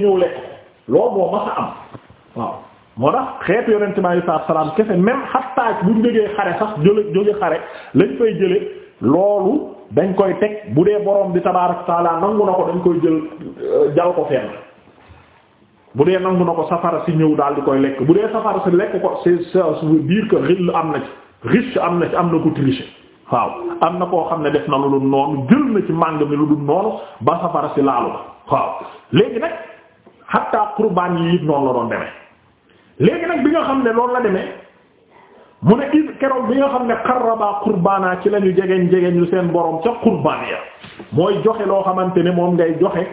ñëw lekk loolu moo mas a am waaw moo tax xeetu yonente bi alei salaatu salaam kese même xattaaj buñ jógee xare sax jóle jóge xare lañ koy jële loolu dañ koy teg bu dee borom bi tabaaraka taala nangu na ko dañ koy jël euh, jal ko fenn bu dee nangu na ko safara si ñëw daal di koy lekk bu dee safara si lekk ko c'est ça biir ko que rill am na ci riche am na ci am na ko tricher waaw am na koo xam ne def na lu dul noonu jël na ci màng mi lu dul noonu ba safara si laalu la waaw léegi nag hatta qurbaan yi it noonu la doon demee léegi nag bi nga xam ne loolu la demee mu ne is keroog bi nga xam ne qarraba qurbaana ci la ñu jegeñ jegeñ lu seen borom ca qurbaan ya mooy joxe loo xamante ne moom ngay joxe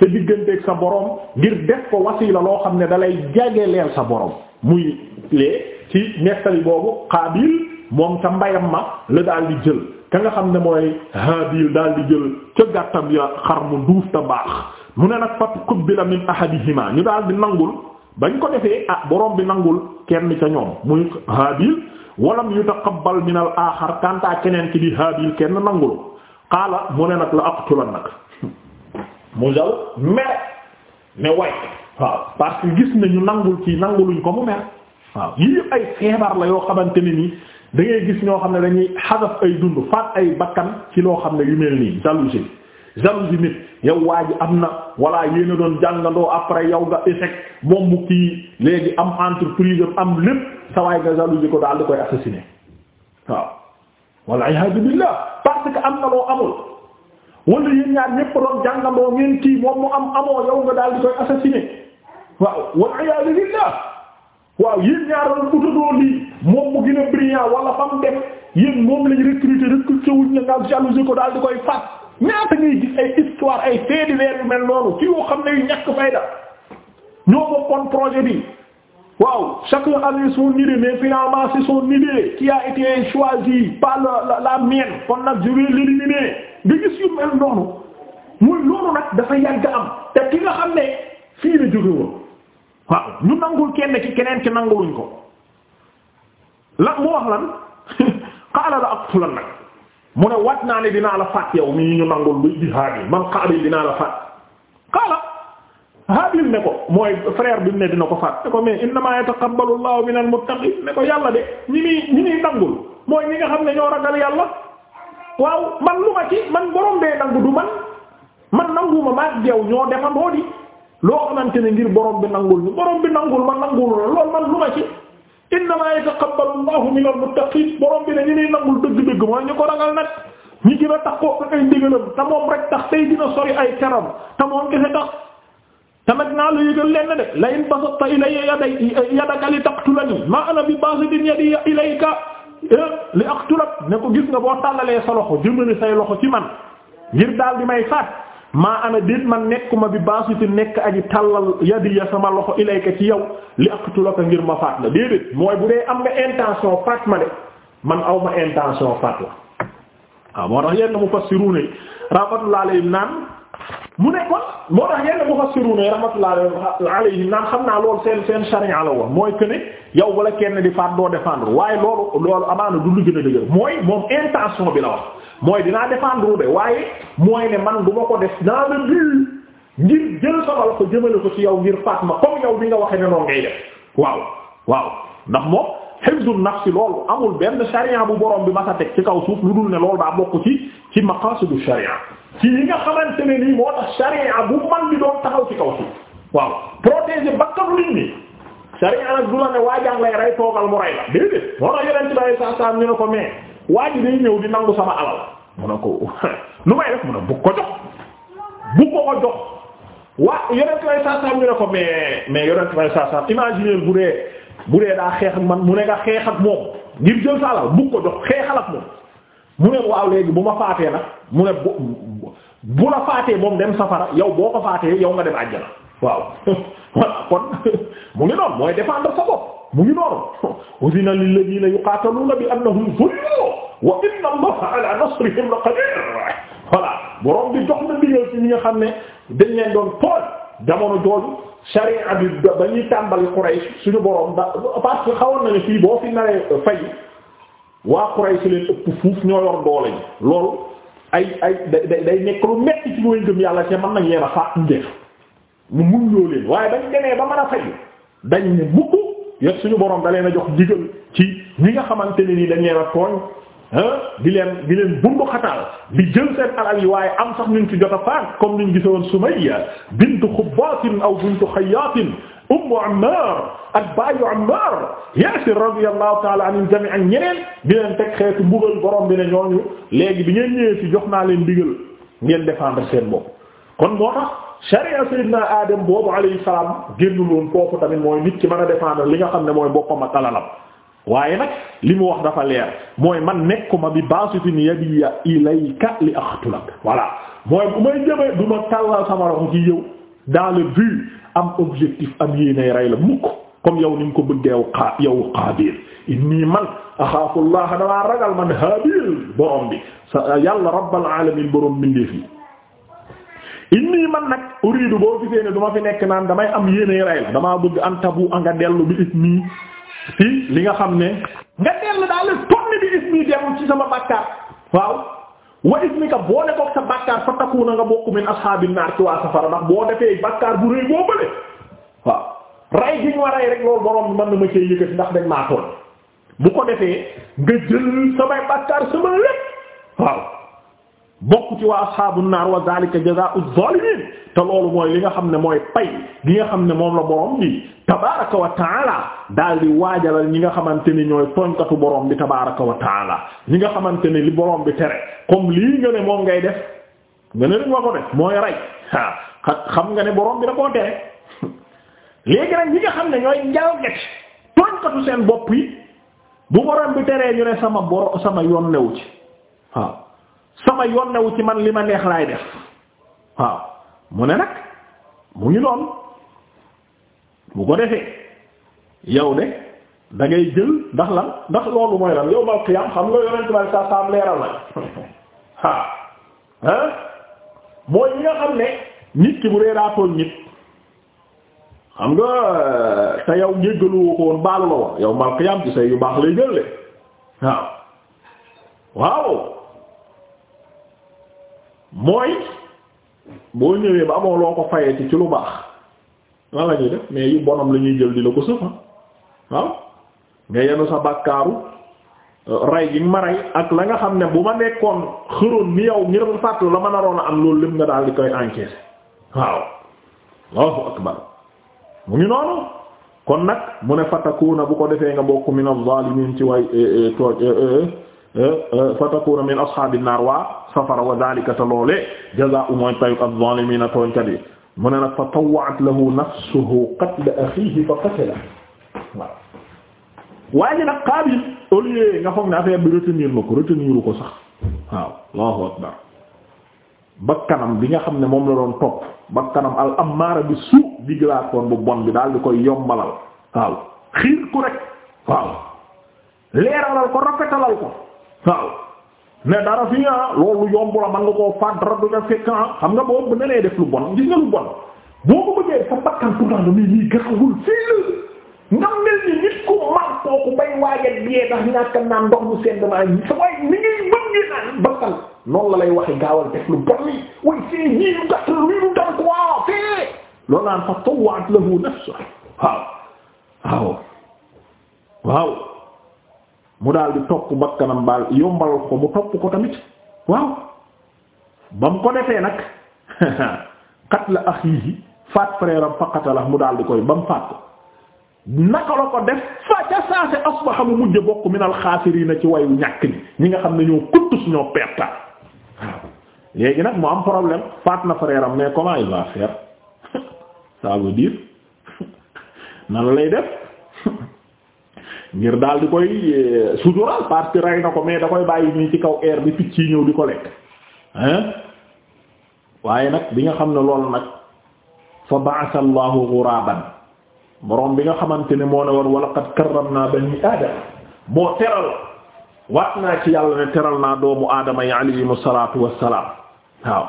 sa digganteeg sa borom ngir def ko wasiila loo xam ne dalay jage leel sa borom muy lee ci nettali boobu Qaabil moom ca mbayam ma la daal di jël ka nga xam ne mooy Haabil daal di jël ca gàttam ya xar mu duuf ta baax mu ne nag fat kubbila min ahadihima ñu daal di nangul bañ ko defee ah boroom bi nangul kenn ca ñoom muy haabil walam yutaqabbal min al aaxar kantaa keneen ki di haabil kenn nangul qaala mu ne nag la aqtulan nag mu jaw mer ne way waaw parce que gis ne ñu nangul ci nanguluñ ko mu mer waaw yii yëpp ay feebar la yoo xamante ne ni da ngay gis ñoo xam ne dañuy xadaf ay dund faat ay bakkan ci loo xam ne yu mel nii jalousie zamzimit yow waa ji am na walla yéena doon jàngandoo après yow nga échec moom mu kii léegi am entreprise am lépp sa nga jalousie ko daal di koy assassiner que am na loo amul wala yéen ñaar ñépp am amoo daal di koy assassiner waaw walla iyaadu billah waaw ko daal di koy faat ñaata ngay gis ay histoire ay faits yu mel noonu ci yoo xam ne yu ñàkk fayda ñoo bokkoon projet bi waaw chacun avait son idée mais finalement c'est son idée qui a été choisie par la la mienne kon nag je vais l'éliminer nga gis yu mel noonu muy loolu nag dafa yàgg am te ki nga xam ne fii la jóge woon waaw ñu nangul kenn ci keneen ci nanguluñ ko lan mu wax lan xaaral la ak fulan nag. mu ne wat naa ne dinaa la faat yow mi ñu nangul luy di haabil man xaabil dinaa la faat xaala haabil ne ko mooy frère bi mu ne dina ko faat ne ko mais innamaa yataqabbalu Allahu minal muttaqiin ne ko yàlla de ñi muy ñi muy nangul mooy ñi nga xam ne ñoo ragal yàlla waaw man lu ma ci man borom bee nangu du man man nanguma ma ak yow ñoo defandoo di loo xamante ne ngir borom bi nangul ñu borom bi nangul ma nangul innamaa yataqabbalu Allahu minal muttaqiin borom bi ne ñu ne nangul dëgg-dëgg mooy ñu ko ragal nag ñi gën a tax koo ay ndigalam te moom rek tax tey dina sori ay caram te moom kese tax. te nag naa la yëgal lenn de la in basatta ilayya yadaka li taqtulani ma ana bi basitin yadi ilayka eh, li aqtulak ne ko gis nga boo tàllalee sa loxo jëmale say loxo ci man ngir daal di may faat. maa ana déet man nekkuma bi baasuti nekk aji tàllal ya sama loxo ilayka ci yow li aqtulaka ngir ma faat la déedéet mooy bu dee am nga intention faat ma de man awma intention faat la waaw moo tax yenn mufassiruna rahmatullahi alayhim naan mu ne kon moo tax yenn mufassiruna rahmatullahi alayhi naan xam naa loolu seen seen charia la woon mooy que ne yow wala kenn di faat doo défendre waaye loolu loolu amaana du lu moom intention bi la wax mooy dinaa défendre de waaye mooy ne man ma ko def naa la bii ngir jël sama la ko jëmale ko ci yow ngir faat ma comme yow bi nga waxee ne noonu ngay def waaw waaw ndax moom hifdu nafsi loolu amul benn charia bu borom bi ma sa teg ci kaw suuf lu dul ne loolu daa bokk ci ci maqasidu charia ci yi nga xamante ne nii moo tax sharia bu man bi doon taxaw ci kaw suuf waaw protéger bakkanu nit ñi sharia nag du la ne waajaan lay rey toogal mu rey la déedéet moo tax yeneen ci bàyyi saa saa ñu ne ko mais waa ji day ñëw di nangu sama alal mu ne ko lu may def mu ne bu ko jox bu ko ko jox waa yeneen ci bàyyi saa ñu ne ko mais mais yeneen ci bàyyi saa saa imaginer bu bu dee xeex man mu ne nga xeex ak moom ngir jël ko jox xeexal ak moom mu ne waaw léegi bu ma faatee nag mu ne bu la faatee moom dem safara yow boo ko faatee yow nga dem àjjana waaw kon mu ngi noonu mooy défendre sa bopp mu ngi noonu uzina lil ladina yuqataluna bi annahum zulmu wa inna allaha na nga xam ne dañ leen doon jamono jooju sharia bi ba ñuy tàmbali Quraysh suñu borom parce que xawoon nañu fii boo fi naree fay waa Quraysh leen ëpp fuuf ñoo yor doole ji loolu ay ay day nekk lu metti ci mooy gëm yàlla te mën nañ leen a faat ñu mu mun loo leen waaye dañ demee ba mën a fay dañ ne mukk yëpp suñu borom da leen a jox digal ci ñi nga xamante ne nii dañ leen a tooñ di leen di leen bundu xataal di jël seen alal yi waaye am sax ñu ci jot a faat comme niñ gisoon Sumayya bintu Xubbaat aw bintu Xayyaat ummu Ammar ak baayu Ammar Yaasir radiyallahu ta'ala anil jami' ak ñeneen di leen teg xeetu mbugal borom bi ne ñooñu léegi bi ngeen ñëwee si jox naa leen digal ngeen défendre seen bopp kon moo tax sharia sayyidina Adam boobu alayhi salaam génnul woon foofu tamit mooy nit ki mën a li nga xam ne mooy boppam ak alalam waaye nag li mu wax dafa leer mooy man nekkuma bi baasitin yadiya ilayka li axtulak voilà mooy bu may jëmee du ma tàllal sama am objectif am yéenay rey la mukk comme yow ni ko bëggeew xaa yow xaabil inni man axaafullaha damaa ragal man haabil borom bi sa yàlla rabbal alamin borom bindeef inni man nag uridu boo gisee ne du fi nekk naan damay am yéenay rey la damaa bëgg an tabu dellu bi ismi si li nga xam ne nga dellu daal tonne bi ismi dem ci sama bàkkaar waaw wa ismika boo ne ko sa bàkkaar fa takuna nga bokk min ashaabin naar ci waa safara ndax boo defee bàkkaar bu rëy boo bële waaw ray gi ñu war a rey rek loolu bi man na ma cee yëkkati ndax dañ maa bu ko defee nga jël samay bàkkaar sama lépp waaw. bokk ci waa saabu naar wa zalika jazaa'u zaalimiin te loolu mooy li nga xam ne mooy pay gi nga xam ne moom la borom bi tabaaraka wa taala daal di waajalal ñi nga xamante ni ñooy tooñkatu borom bi tabaaraka wa taala ñi nga xamante ne li borom bi tere comme lii nga ne moom ngay def nga ne rek nga ko def mooy rey xam nga ne borom bi da tere léegi nag ñi nga xam ne ñooy njalget tooñkatu seen bopp yi bu borom bi teree ñu ne sama boro sama yoon newu ci sama yonnewu ci man li ma neex laay def waaw mu ne nag mu ngi noonu bu ko defee yow de da ngay jël ndax lan ndax loolu mooy lan yow mal xiyaam xam nga yonentu Yàlla sa saam leeral la ah ah mooy ñi nga xam ne nit ki bu dee daa nit xam nga te yow jéggaluwoo ko woon baalu la woon yow mal ci say yu baax lay jël de waaw waaw. mooy boo ñëwee ba amoo loo ko fayee ci ci lu baax lan la ñuy def mais yu bonam la ñuy jël di la ko sëfa waaw nga yenu sa bàkkaaru euh, ray gi ma ray ak la nga xam ne bu ma nekkoon xëroon ni yow ngir fàttu la ma naroon a am loolu lépp nga daal di koy encaisser waaw Allahu akbar mu ngi noonu kon nag mu ne na bu ko defee nga bokk mi al-zalimin ci way eh, eh, eh, Euh, euh, fa takuna min ashabin naar waa safara wa dhalika te loolee jazaa'u mooy payuk az-zaalimiina tooñkat yi mu ne nag fa tawwa'at lahu nafsuhu qatla akhihi fa qatala waaw waaye nag Qaabil au lieu nga foog ne affaire bi retenir na ko retenir ko sax waaw Allahu akbar bakkanam bi nga xam ne moom la doon topp bakkanam al ammaara bi suu di glaatoon bu bon bi daal di koy yombalal waaw xiir ko rek waaw leeralal ko rafetalal ko waaw ne dara fi ah loolu yomb a man nga koo faat dara du nga fekk ah xam nga boobu ne lay def lu bon gis nga lu bon boo ko bëggee sa bakkan pourtant damay lii garawul fii la nga mel ni nit ku mag kooku bay waaja biyee ndax ñàkk naan ndox mu sedd maa sa waay ni ngay mën ngi naan bakkan noonu la lay waxe gaawal def lu bon li way fii ñii yu gàtt la lu dal ko waaw fii loolu naan fa tawwaat lahu nafsa waaw waaw waaw mu daal di topp bakkanam baal yombal ko mu topp ko tamit waaw ba mu ko defee nag qatla akhihi faat frère am faqatala mu daal di koy ba mu faat ko naka la ko def fa ca saase asbaha mu mujj bokk min al xaasiriina ci wayu ñàkk ñi ñi nga xam ne ñoo kuttus ñoo perta léegi nag mu am problème faat na frère am mais comment il va faire ça dire nan lay def ngir daal di koy eh, sutural parce que na ko mais da koy bàyyi nii ci kaw air bi picc yi ñëw di ko lekk hein waaye nag bi nga xam ne loolu nag fa ba'atha Allahu boroom bi nga xamante ne moo ne woon wa laqad karramna moo teral waat naa ci yàlla teral naa doomu aadama yi alayhimu salaatu wassalaam waaw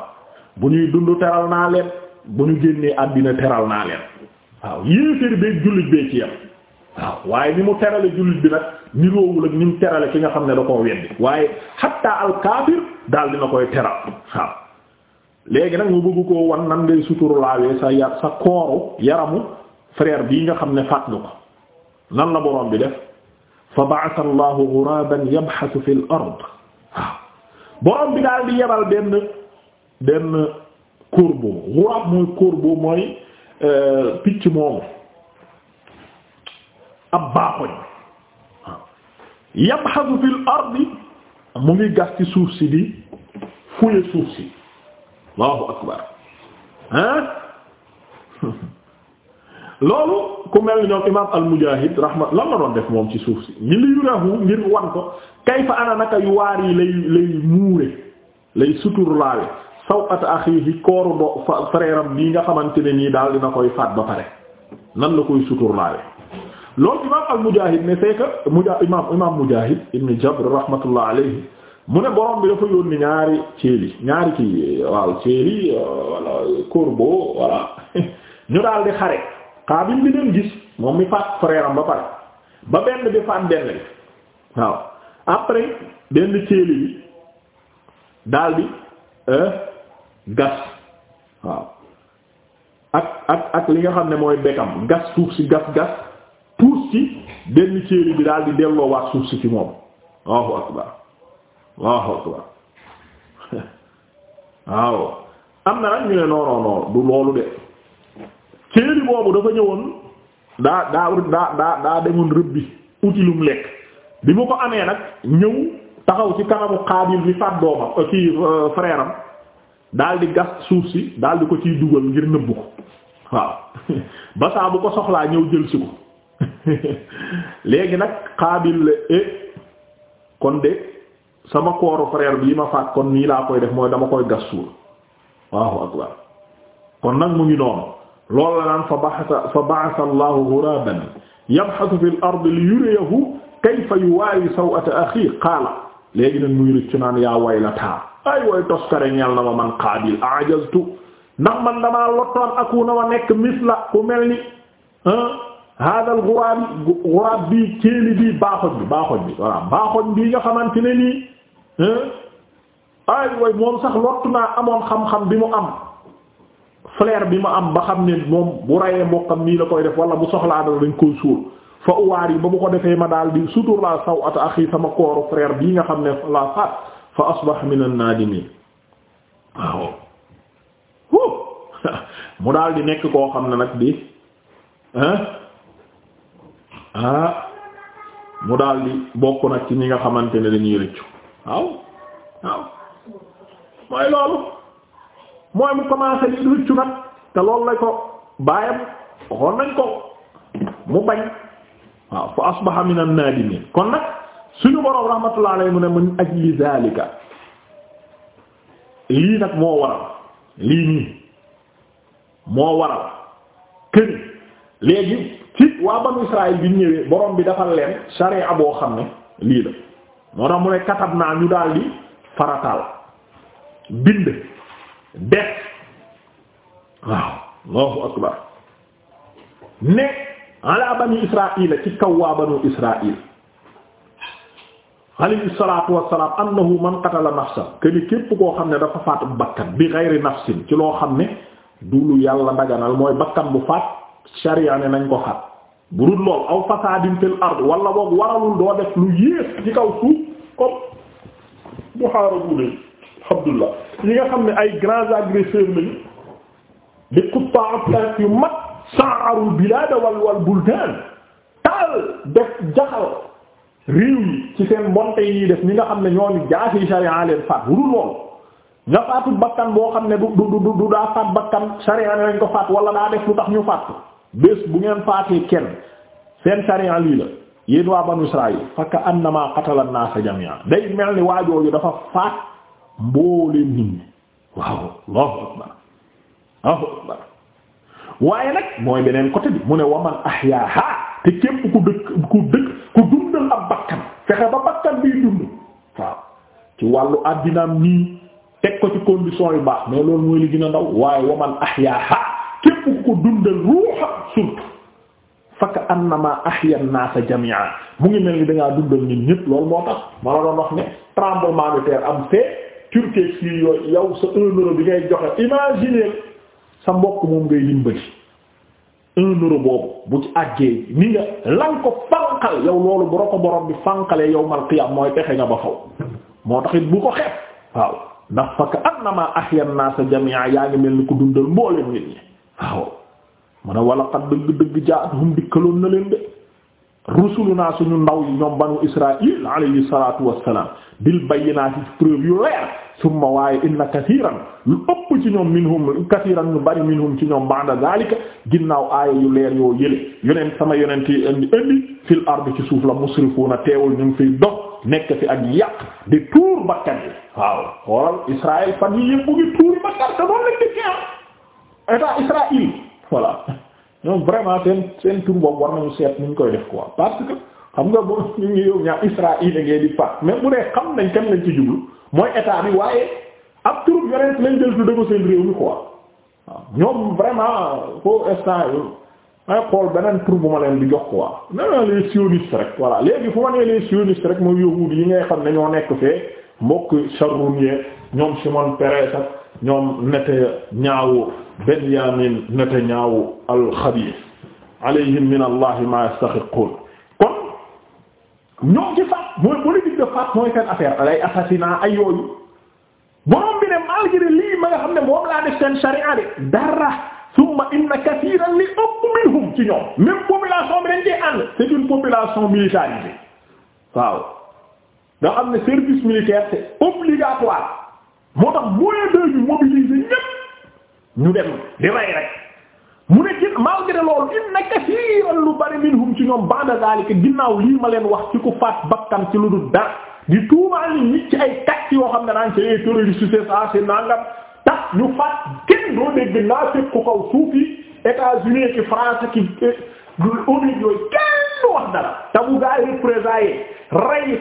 ñuy dund teral naa leen bu ñu génnee àddina teral naa leen waaw yéeféer beek jullit bee ci yam waaw waaye ni mu terale jullit bi nag niroowul ak ni mu terale ki nga xam ne da koo weddi waaye hatta al kaafir daal dina koy teral waaw léegi nag mu bëgg koo wan nan ngay suturlaawee sa yar sa kooru yaramu frère bii nga xam ne faat nga ko nan la boroom bi def fa ba'atha Allahu ghuraban yabhathu fil ard waaw boroom benn benn corbeau ghurab mooy corbeau mooy euh, picc moomu ab baaxoñ waaw yabhasu fil ardi mu ngi gas ci suuf si di fuye suuf si loolu ku mel ni ñoom imaam al-Mujaahid rahma lan la doon def moom ci suuf si ngir yurahu ngir wan ko kayfa ana naka yu waar yi lay lay muure lay suturlaale sawat axiihi kooru do frère am bii nga xamante ne nii daal dina koy faat ba pare nan la koy suturlaale loolu imam al-Mujahid ne c'est que muja imam imam Mujahid ibn Jabr rahmatullah mu ne borom bi dafa yónni ñaari ceeli ñaari ci waaw ceeli wala euh, corbeau voilà ñu daal xare Qaabil bi leen gis moom mi faat frère ba pare ba benn bi faat benn bi waaw après benn ceeli bi euh, gas waaw ak ak ak li nga xam ne mooy bekam gas suuf si gas gas benn bi daal di delloo waat suuf si ci moom Allahu akbar Allahu waaw am na nag ñu ne non non non du loolu de céeri boobu dafa ñëwoon daa daa daa demoon rëbbi uti lum lekk bi mu ko amee nag ñëw taxaw ci kanamu Qaabil bi faat doomam ci euh, euh, frère am di gas suuf si daal di ko ciy dugal ngir nëbbu ko waaw ba saa bu ko soxlaa ñëw jël si ko. léegi nag xaabil la e kon de sama kooru frère bi li ma faat kon nii laa koy def mooy dama koy gas suur waaw akbar kon nag mu ngi noonu loolu la naan fa baxasa fa ba'atha Allahu ghuraban yabhasu fil ardi li yuriyahu kayfa yuwaayi saw'ata axi qaala léegi nag muy rëccu naan yaa waylataa ay way toskare ñal na ma man qaabil ajaztu ndax man damaa lottoon akuna wa nekk misla ku mel ni haadal guraab guraab bii céeli bii baaxoñ bi baaxoñ bi voilà baaxoñ bii nga xamante ne nii ay way moom sax lottu naa amoon xam-xam bi mu am flair bi ma am ba xam ne moom bu rayee mbokkam nii la koy def wala bu soxlaa dal dañ koy suul fa uwaar yi ba mu ko defee ma daal di sutur la saw ata axi sama kooru frère bii nga xam ne la faat fa asbah min an-naadimin waaw mu daal di nekk koo xam ne nag bi ah mu daal di bokk nag ci ñi nga xamante ne dañuy rëccu waaw waaw mooy loolu mooy mu commencé di rëccu nag te loolu lay ko baayam waxoon nañ ko mu bañ waaw fa asbaha min an kon nag suñu boroom rahmatullah mu ne min ajli zalika lii nag moo waral lii nii moo waral kër léegi ci waa banu Israël bi ñëwee borom bi dafa leen sariya boo xam ne lii la moo tax mu ne katab naa ñu daal di farataal bind def waaw Allahu akbar ne ala banu Israël ci kaw waa banu Israël alayhi salaatu wassalaam annahu man qatala nafsan këni képp koo xam ne dafa faat bakkan bi ghayri nafsin ci loo xam ne du lu yàlla daganal mooy bakkan bu faat sharia ne nañ ko xat bu dul lool aw fasaadin fil ard wala boog waralul doo def lu yées ci kaw suuf comme bu xaaral guddee alhamdulilah ñi nga xam ne ay grands agresseurs lañu di quttaa tariq yu mag sa'aru bilaad wal wal buldaan taal def jaxal réew yi ci seen mbonte yi def ñi nga xam ne ñooñu jaasi yi sharia leen faat bu dul lool nga faatu bakkan boo xam ne du du du daa faat bakkan sharia ne lañ ko faat wala daa def lu tax ñu faat bés bu ngeen faatee kenn seen sariya lii la yéen waa banu Israayil fakka annama qatala naasa jami'a day mel ni waajooju dafa faat mbooleem nit ñi waaw Allahu akbar Allahu akbar waaye nag mooy beneen côté bi mu ne waman ahyaaha te képp ku dëkk ku dëkk ku dundal ab bakkan fexe ba bakkan biy dund waaw ci wàllu àddinaam nii teg ko ci condition yu baax mais loolu mooy li gën a ndaw waaye waman ahyaaha képp ku ko dundal ruuxa surtout faka annama ahya an-nas jami'a mu ngi mel ni dangaa dundal nit ñépp loolu moo tax ma la doon wax ne tremblement am fee Turquie fii yooyu yow sa un euro bi ngay joxe imaginer sa mbokk moom ngay dimbali un boobu bu ci àggee ni nga lan ko fanqal yow loolu bu ko borom bi fanqalee yow mal mooy texe nga ba faw moo tax bu ko xeeb waaw ndax faka annama ahya an-nas jami'a yaa ngi mel ni ku dundal mboolem waaw mun a wala xat dëgg-dëgg jaatuhum dikkaloon na leen de rusuluna suñu ndaw yi ñoom banu israil alayhi salatu wassalam bil bayyinaati preuve yu leer summa waaye inna kathiran lu ëpp ci ñoom minhum kathiran ñu bari minhum ci ñoom ba'da zalika ginnaaw aaya yu leer yoo yële yonent sama yonent yi indi indi ard ci suuf la musrifuna teewul ñu ngi fiy dox nekk fi ak yàq di tuur bakkan yi waaw xoolal israil fan yi yëpp bu ngi tuur bakkan te doon lañ dëkkee état Israël voilà ñoom vraiment seen seen tur boobu war nañu seet nuñ koy def quoi parce que xam nga bo ñu ngi yow ñaar Israël ngay di faat mais bu dee xam nañ kenn lañ ci jublu mooy état bi waaye ab turu yonent lañ jël tudde ko seen réew mi quoi waaw ñoom vraiment foo instant yii may xool beneen tur bu ma leen di jox quoi nee naa les sionistes rek voilà léegi fu ma nee les sionistes rek mooy yahud yi ngay xam ne ñoo nekk fee mbokk Sharoun ñoom Shimon Peres ak ñoom Netanyahu Benyamin Netanyahu al-xabiis min Allah ma yastaxiqun kon ñoom ci faat mooy politique de faat mooy seen affaire ay assassinat ay yooyu borom bi ne malgré lii ma nga xam ne moom laa def seen charia de dara summa inna kathiran li ëpp ci ñoom même population bi dañ cee ànd c'est une population militarisée waaw nga xam ne service militaire c'est obligatoire moo tax moyen de ñu mobiliser ñépp ñu dem di rey rek mu ne ci malgré loolu inna kasiiran lu bari minhum ci ñoom ba'da zaalika ginnaaw lii ma leen wax ci ku faat bakkan ci lu dul dara di tuumaal nit ci ay kàcc yoo xam ne daan ci ay terroriste c'est ça c'est nangam tax ñu faat kenn doo dégg naa fekk ku kaw suuf yi États-Unis ki France ki eh, Europe yooyu kenn wax dara te bu gaa yi représaillé rey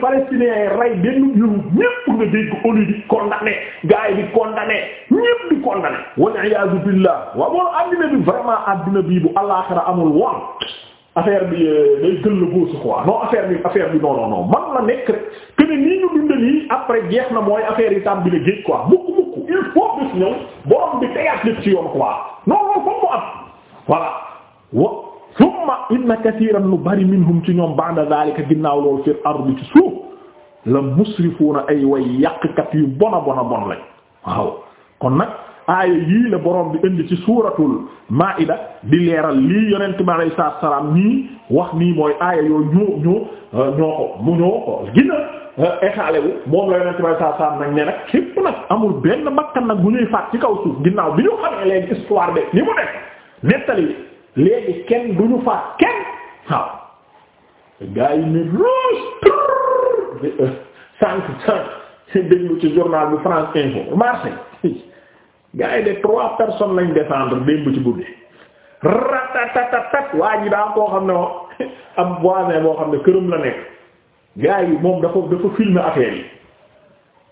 benn yëngu ñépp nga dégg ONU di condamné gaa di condamné ñépp di condamné. wal iyaadu billah waaw moom addina bi vraiment addina bii bu alaaxira amul woon affaire bi euh, day gën la góosu quoi non affaire bi affaire bi non non man la nekk rek que nii ñu dundal nii après jeex na mooy affaire yi tam bi la géej quoi mukk mukk il faut bés ñëw borom bi tegaat lépp ci yoon quoi non loolu foofu mu am voilà summa inna kasiiran lu bari min minhum ci ñoom ba'da zaalika ginnaaw loolu fil ardi ci suuf la musrifuuna ay way yàqkat yu bona bona bon lañ waaw kon nag aaya yii la borom bi indi ci suuratul maa'ida di leeral lii yonent bi alayhi salaam nii wax nii mooy aaya yooyu ñoo ñoo euh, ñoo ko mu ñoo ko gina euh, éxaale wu moom la yonent bi alayhi salaam nag ne nag képp nag amul benn bakkan nag bu ñuy faat ci kaw suuf ginnaaw bi ñu xamee léegi histoire de ni mu def nettali léegi kenn du ñu faat kenn waaw gars yi ni roos sànq si déglu ci journal bi France Info Marseille gars yi de trois personnes lañ descendre démb ci guddi ratatatatat waa ji koo xam ne moom am voisin boo xam ne këram la nekk gars yi moom dafa dafa filmer affaire yi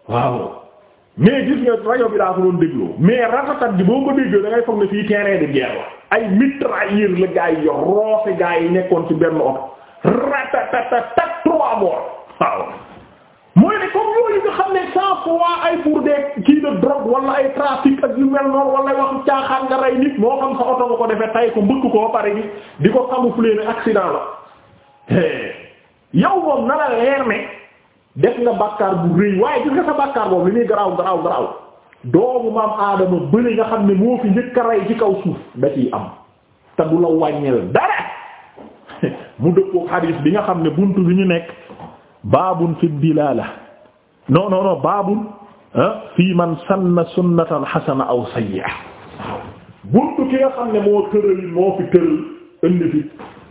waaw mais gis nga rajo bi daa ko doon dégloo mais ratatat ji boo ko déggoo da ngay foog ne fii terrain di guerre la ay mitrailleur la gaa yi yor gaa yi nekkoon ci benn oto ratatata trois morts waaw mooy ne comme yooyu nga xam ne cent fois ay pour des kii de drogue wala ay trafic ak yu mel noonu wala waxu caaxaan nga rey nit moo xam sa oto ko defee tay ko mbëkk ko pare gi di ko camoufler ne accident la yow moom na la leer ne def nga bàkkaar bu rëy waaye gis nga sa bàkkaar boobu li muy garaaw garaaw garaaw doomu maam aadama bële nga xam ne moo fi njëkk rey ci kaw suuf da am te du la wàññil dara mu dëppoo xadiis bi nga xam ne bunt bi ñu nekk baabun fi dilaala la non non baabun ah, fii man sanna sunnatan xasana aw sayyi'a bunt ki nga xam ne moo tëralin moo fi tëral indi fi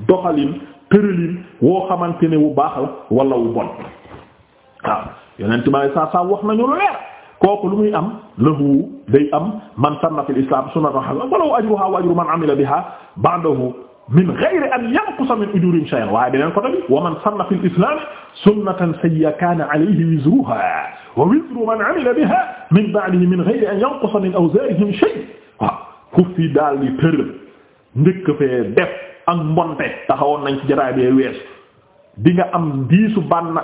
doxalin tëralin woo xamante ne wu baax la wala wu bon waaw yeneen tubaab saa saa wax nañu lu leer kooku lu muy am. lahu day am man sanna fil islam sunnatan hasanatan falahu ajruha wa ajru man amila biha ba'dahu min ghayri an yanqusa min ujurihim shay'an waaye beneen côté bi wa man sanna fil islam sunnatan sayyi'atan kana alayhi wizruha wa wizru man amila biha min ba'dihi min ghayri an yanqusa min awzarihim shay'an waaw ku fi daal di tër njëkk fee def ak mbonte taxawoon nañ ci jaraay bee wees di nga am diisu bànn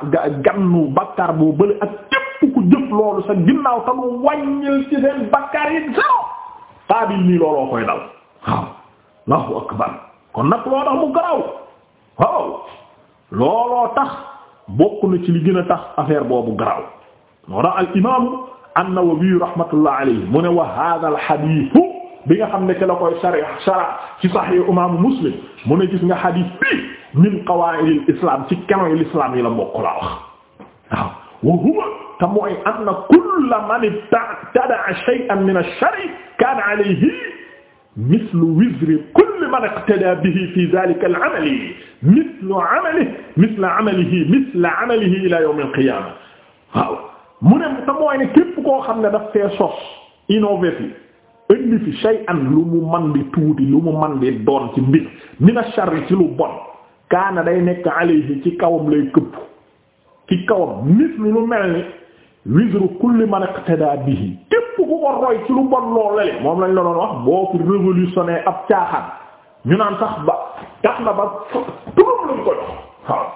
gannu bakkaar boo bële ak képp ku jëf loolu sa ginnaaw te mu ci seen bakkaar yi zéro taabil nii koy dal waaw akbar kon nag loo tax mu garaw waaw looloo tax bokk na ci li gën a tax affaire boobu garaw moo tax al imaamu rahmatullah alayhi mu ne wa hadha al bi nga xam ne ci la koy sari sara ci sahih imaamu Muslim mu ne gis nga hadith bi min qawaa'id al islam ci kenoy l'islam yi la bokk laa te mooy anna kulla man ibtada'a shay'an min ash-sharri kaana alayhi mislu wizri kulli man iqtada bihi fi dhalika al-amali mislu amalihi mislu amalihi mislu amalihi ila yawm al-qiyamah waaw mu ne te mooy ne képp koo xam ne daf fee sos innové fi indi fi shay'an lu mu man di tuuti lu mu man di doon ci mbir min ash-sharri ci lu bon kaana day nekk alayhi ci kawam lay këpp ci kawam mislu lu mel ni wizru kulli man iqtada bihi képp ku ko roy ci lu bon loo lele moom lañ la doon wax boo fi révolutionné ab caaxaan ñu naan sax ba tax na ba turam lañ ko jox waaw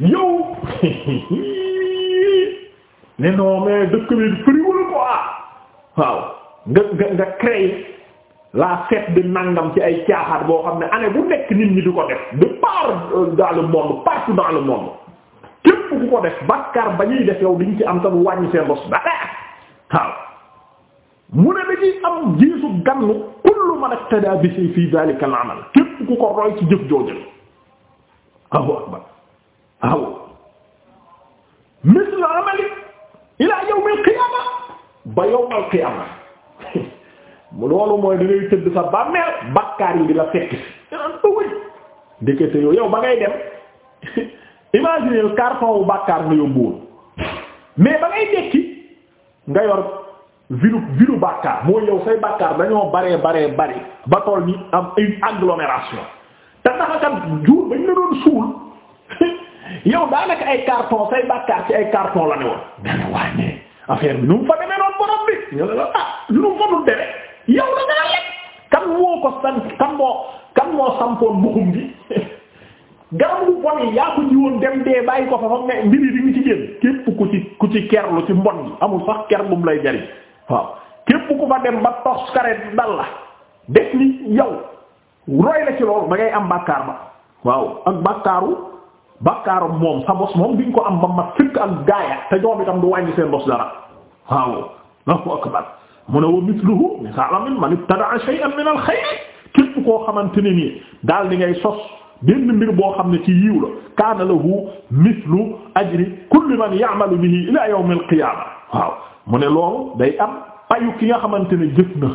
yow ne non mais dëkk bi friwul ko waaw nga nga nga créer la fête de nangam ci ay caaxaan boo xam ne année bu nekk nit ñi di ko def de part euh, dans monde partout dans monde. képp ku ko def bàkkaar ba ñuy def yow diñ ci am tan wàññi seen bos dara waaw mu ne dañuy am jiisu gannu kullu man aqtada bi fi dhalika al amal képp ku ko roy ci jëf joojël ahu akbar aw misle amali ila yawm al qiyama ba yawm al qiyama loolu mooy da ngay tëdd sa bàmmeel bàkkaar yi di la fekk si daan yow yow ba ngay dem imaginez carton wu bàkkaar nga yóbbu woon mais ba ngay dekki nga yor viru viru bàkkaar moo yow say bàkkaar dañoo baree baree bare ba tool ni am une agglomération te naxakat jour bañ la doon suul yow daanaka ay carton say bàkkaar ci ay carton la ne woon dana waay ne affaire bi nu fa demee noonu borom bi ño la ah lu mu fa dul demee yow lekk kan woo ko sampoon mbuxum bi garab bu bon yi yaa ko jiwoon dem dee bàyyi ko fa fam mbiri di ngi ci génn képp ku ci ku ci kerlu ci mbon gi amul sax ker bu lay jariñ waaw képp ku fa dem ba tos kare la def yow roy la ngay am bàkkaar ba waaw ak bàkkaaru moom sa bos moom diñ ko am ba ma fëkk ak gaaya te ñoom itam du wàññi seen bos dara waaw Allahu akbar mu ne wa koo xamante ne nii daal di ngay sos benn mbir boo xam ne ci yiw la kaana lahu mislu ajri kulli man ya'malu bihi ila yawm al waaw mu ne loolu day am payu ki nga xamante ne jëf na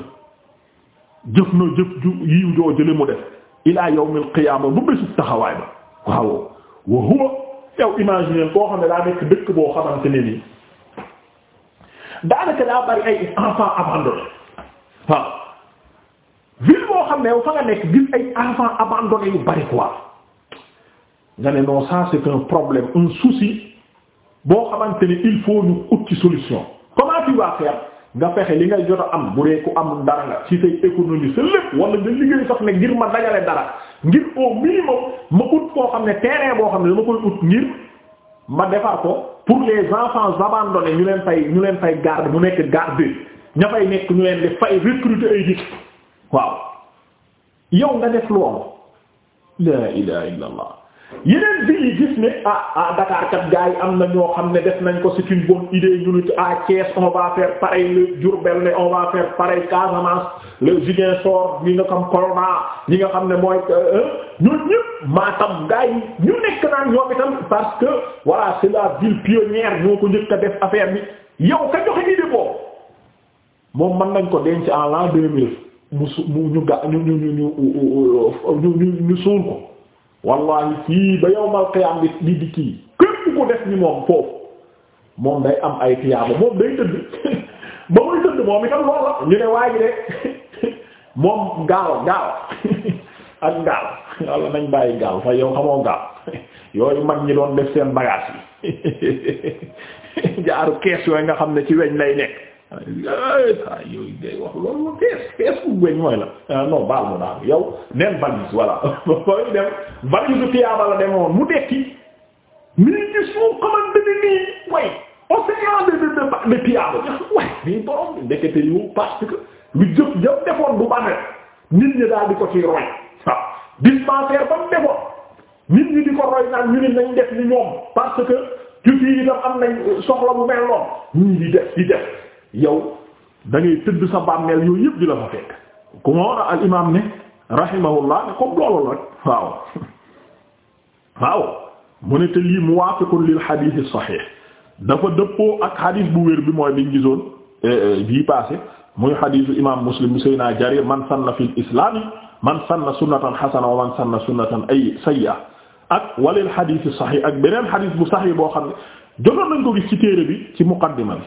jëf na jëf ju yiw joo jële mu def ila yawm al bu bésu taxawaay waaw wa huwa yow imaginer koo xam ne daa dëkk boo xamante ne nii daanaka daa bari ay enfants abandonnés waaw ville boo xam ne yow fa nga nekk gis ay enfants abandonnés yu bari quoi nga ne non ça c'est un problème un souci boo xamante ni il faut ñu ut ci solution comment tu vas faire nga fexe li ngay jot a am bu dee ku am dara nga ci say économie sa lépp wala nga liggéey sax ne ngir ma dajale dara ngir au minimum ma ut koo xam ne terrain boo xam ne dama koy ut ngir ma defar ko pour les enfants abandonnés ñu leen fay ñu leen fay garde mu nekk garde ña fay nekk ñu leen di fay recruter ay waaw yow nga def loolu la ilaha illa yeneen bi yi gis ne ah ah Dakar kat am na ñoo xam ne def nañ ko si une bonne idée ñu nit à ah, Thiès on va faire pareil le Diourbel ne on va faire pareil Casamance le Ziguinchor ñi nga xam Corona ñi nga xam ne mooy euh, euh, ñun ñëpp Matam gars yi ñu nekk naan ñoom itam parce que voilà c'est la ville pionnière ñoo ko njëkk a def affaire bi yow ka joxe idée boobu moom mën nañ ko denc en l'an 2000 mu su mu ñu ga ñu ñu ñu ñu ñu suul ko wallahi fii ba yowmal qiyaam bi di di kii képp ku def ni moom foofu moom day am ay tiyaaba moom day tëdd ba muy tëdd moom itam lool ñu ne waa ji de moom gaaw gaaw ak gaaw walla nañ bàyyi gaaw fa yow xamoo gaaw yooyu mag ñi doon def seen bagage yi jaaru kees yooyu nga xam ne ci weñ lay nekk ah yooyu day wax loolu la fees fees bu weñ mooy la ah, non baal ma daal yow neen valise voilà koy dem valise tiyaaba la demoon mu dekki mii gis moo xamante ni nii way océan de de de tiyaaba way nii borom bi ndekete yow parce que lu jëf jëf defoon bu bane nit ñi daal di ko ci roy waaw ah, ba mu defoon nit ñi di ko roy naan ñu ni nañ def ni ñoom parce que ci fii itam am nañ soxla bu mel noonu ñii di def di def yow da tëdd sa bàmmeel yooyu yëpp la fa fekk ku ma war a al imaam ne rahimahullah ne comme loolu la rek mu ne te lii muwaafiqun lil xadiis saxiix dafa dëppoo ak xadiis bu wér bi mooy biñ gisoon eh, eh, bii passé muy xadiisu imaam muslim Seydina Jarir man sanna fil islaami man sanna sunnatan xasana wa man sanna sunnatan ay sayyi'a ak walil xadiis saxiix ak beneen xadiis bu saxiix boo xam ne jotoon nañ ko gis ci téere bi ci muqaddima bi.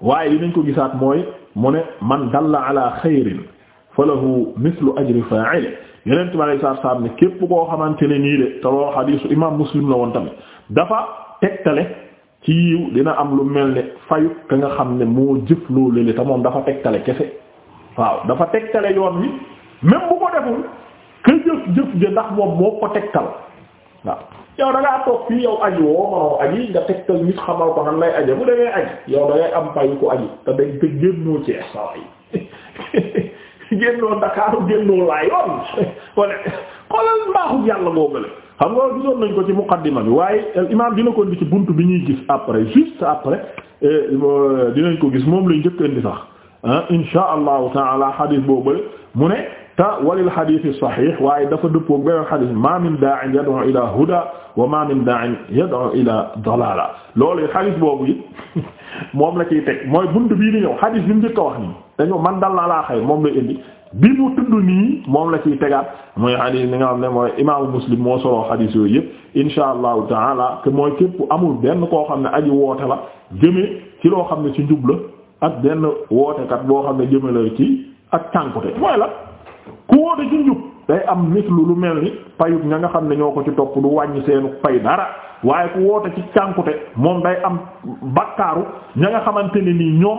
waaye dinañ ko gisaat mooy mu ne man dalla ala xayrin falahu mislu ajri fa'ili yeneen bi alei saatu salaam ne képp koo xamante ne nii de te loolu xadiisu imam muslim la woon tamit dafa tegtale ci yiw dina am lu mel ne fayu ka nga xam ne moo jëf loo lële te moom dafa tegtale kese waaw dafa tegtale yoon wi même bu ko deful ka jëf-jëf ja ndax moom moo ko tegtal waaw yow da ngaa toog fii yow aji woo manoo aji nga tegtal nit xamal ko nan lay aje bu demee aji yow da ngay am payu ko aji te dañ te génnoo Cees saway génnoo Dakaaru génnoo Laayoon wala xoolal mbaaxu yàlla boobu la xam nga gisoon nañ ko ci muqaddima bi waaye euh, imaam dina ko indi ci bunt bi ñuy gis après juste après euh, euh, dinañ ko gis moom lañ njëkk indi sax ah insha xadiis boobu mu ne te walil xadiis saxiix waaye dafa dëppoo beneen xadiis maa min daa'in yad'u ila huda wa maa min daa'in yad'u ila dalaala loolu it xadiis boobu it moom la ciy teg mooy bunt bii di ñëw xadiis bi man dal naa moom la indi bi mu moom la ciy tegaat mooy xadiis bi nga xam ne mooy imaamu muslim moo soloo xadiis yooyu yëpp insha allah taala te mooy képp amul benn koo xam ne aj woote la jëme ci loo xam ne ci njub la ak benn wootekat boo xam ne jëme la ci ak tànkute mooy la. ku woote ci njub day am mislu lu mel ni payut ña nga xam ne ñoo ko ci topp du wàññi seenu pay dara waaye ku woote ci cànkute moom day am bakkaaru ña nga xamante ne nii ñoom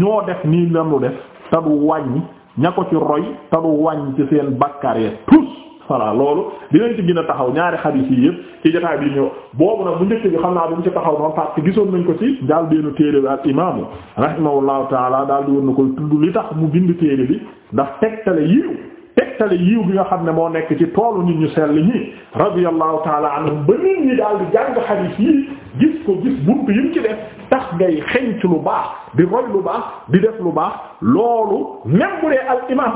ñoo def nii lam lu def te du wàññi ña ko ci roy te du wàññi ci seen bakkaar yee tous voilà loolu dinañ ci gën taxaw ñaari xadiis yi yëpp ci jotaay bi ñëw boobu nag bu njëkk bi xam naa bu ci taxaw noonu parce que gisoon nañ ko ci daal deenu téere bi ak imaamu rahimahullahu taala daal di na koy tudd li tax mu bind téere bi ndax tegtale yiw tegtale yiw bi nga xam ne moo nekk ci toolu nit ñu sell ñi radiyallahu taala anhum ba nit ñi daal di jàng xadiis yi gis ko gis buntu yi mu tax ngay xenc lu baax di roy lu baax di def lu baax loolu même bu dee al imam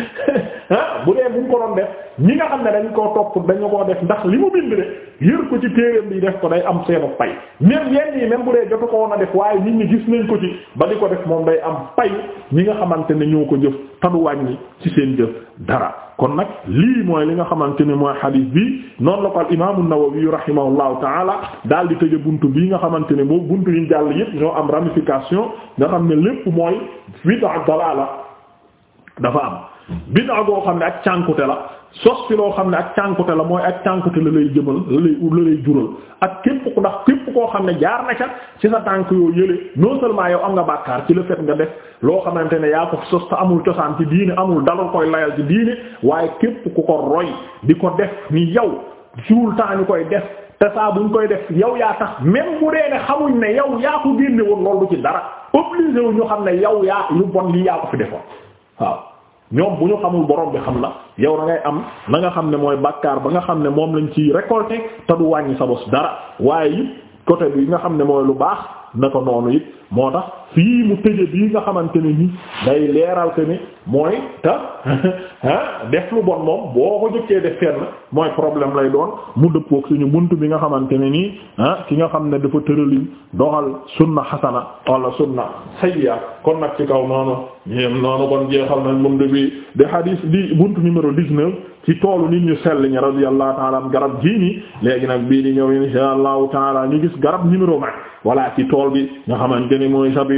ah, bu dee bu ko doon def ñi nga xam ne dañ koo topp dañu ko def ndax li mu bind de yër ko ci téereem bi def ko day am seenu pay même yenn yi même bu dee jotu ko woon a def waaye nit ñi gis nañ ko ci ba di ko def moom day am pay ñi nga xamante ne ñoo ko jëf tadu wàññi ci seen jëf dara kon nag lii mooy li nga xamante ne mooy xadiis bi noonu la ko al imam an-Nawawi rahimahullahu ta'ala ne boobu jàll yépp ñoo am ramification nga xam ne lépp mooy bid'a dalaala dafa am bid'a goo xam ne ak cànkute la sos fi loo xam ne ak cànkute la mooy ak cànkute la lay la la lay jural ak képp ndax képp koo xam ne jaar na ca ci sa tànk yoo yële non seulement yow am nga bàkkaar ci la fait nga def loo xamante ne yaa ko sos te amul cosaan ci diine amul dalal koy layal ci diine waaye képp ku ko roy di ko def ni yow tout le temps ñu koy def te saa buñ koy def yow yaa tax même bu dee ne xamuñ ne yow yaa ko génne loolu ci dara obligé wu ñu xam ne yow yaa yu bon lii yaa ko fi defoon waaw ñoom bu ñu xamul borom bi xam la yow da ngay am na nga xam ne mooy bàkkaar ba nga xam ne moom lañ ci récolté te du wàññi sa bos dara waaye it côté bi nga xam ne mooy lu baax na ko noonu it moo tax fii mu tëje bii nga xamante ne ni day leeral que ne mooy te ah def lu bon moom boo ko jëkkee def fenn mooy problème lay doon mu dëppook suñu bunt bi nga xamante ne nii ah ki nga xam ne dafa tëralin doxal sunna xasana wala sunna sayya kon nag ci kaw noonu ñéem noonu kon jeexal nañ bunt bi de hadith di bunt numéro 19 ci toolu nit ñu sell ñi radiyallahu ta'ala am garab gii nii léegi nag bii di ñëw insha allahu taala ñu gis garab numéro mag wala